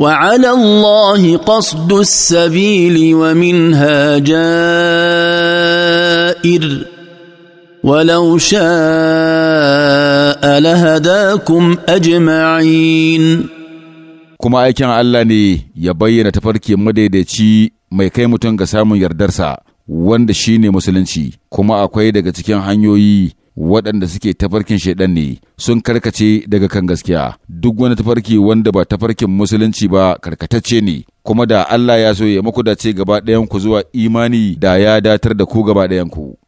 وعلى الله قصد السبيل ومنها جائر ولو شاء لهداكم أجمعين kuma aikin Allah ne ya bayyana tafarki madaidaici mai kai mutum ga samun yardarsa wanda shi ne musulunci kuma akwai daga cikin hanyoyi waɗanda suke tafarkin shaidan ne sun karkace daga kan gaskiya duk wani tafarki wanda ba tafarkin musulunci ba karkatacce ne kuma da Allah ya so ya muku dace gaba ɗayan ku zuwa imani da ya datar da ku gaba ɗayan ku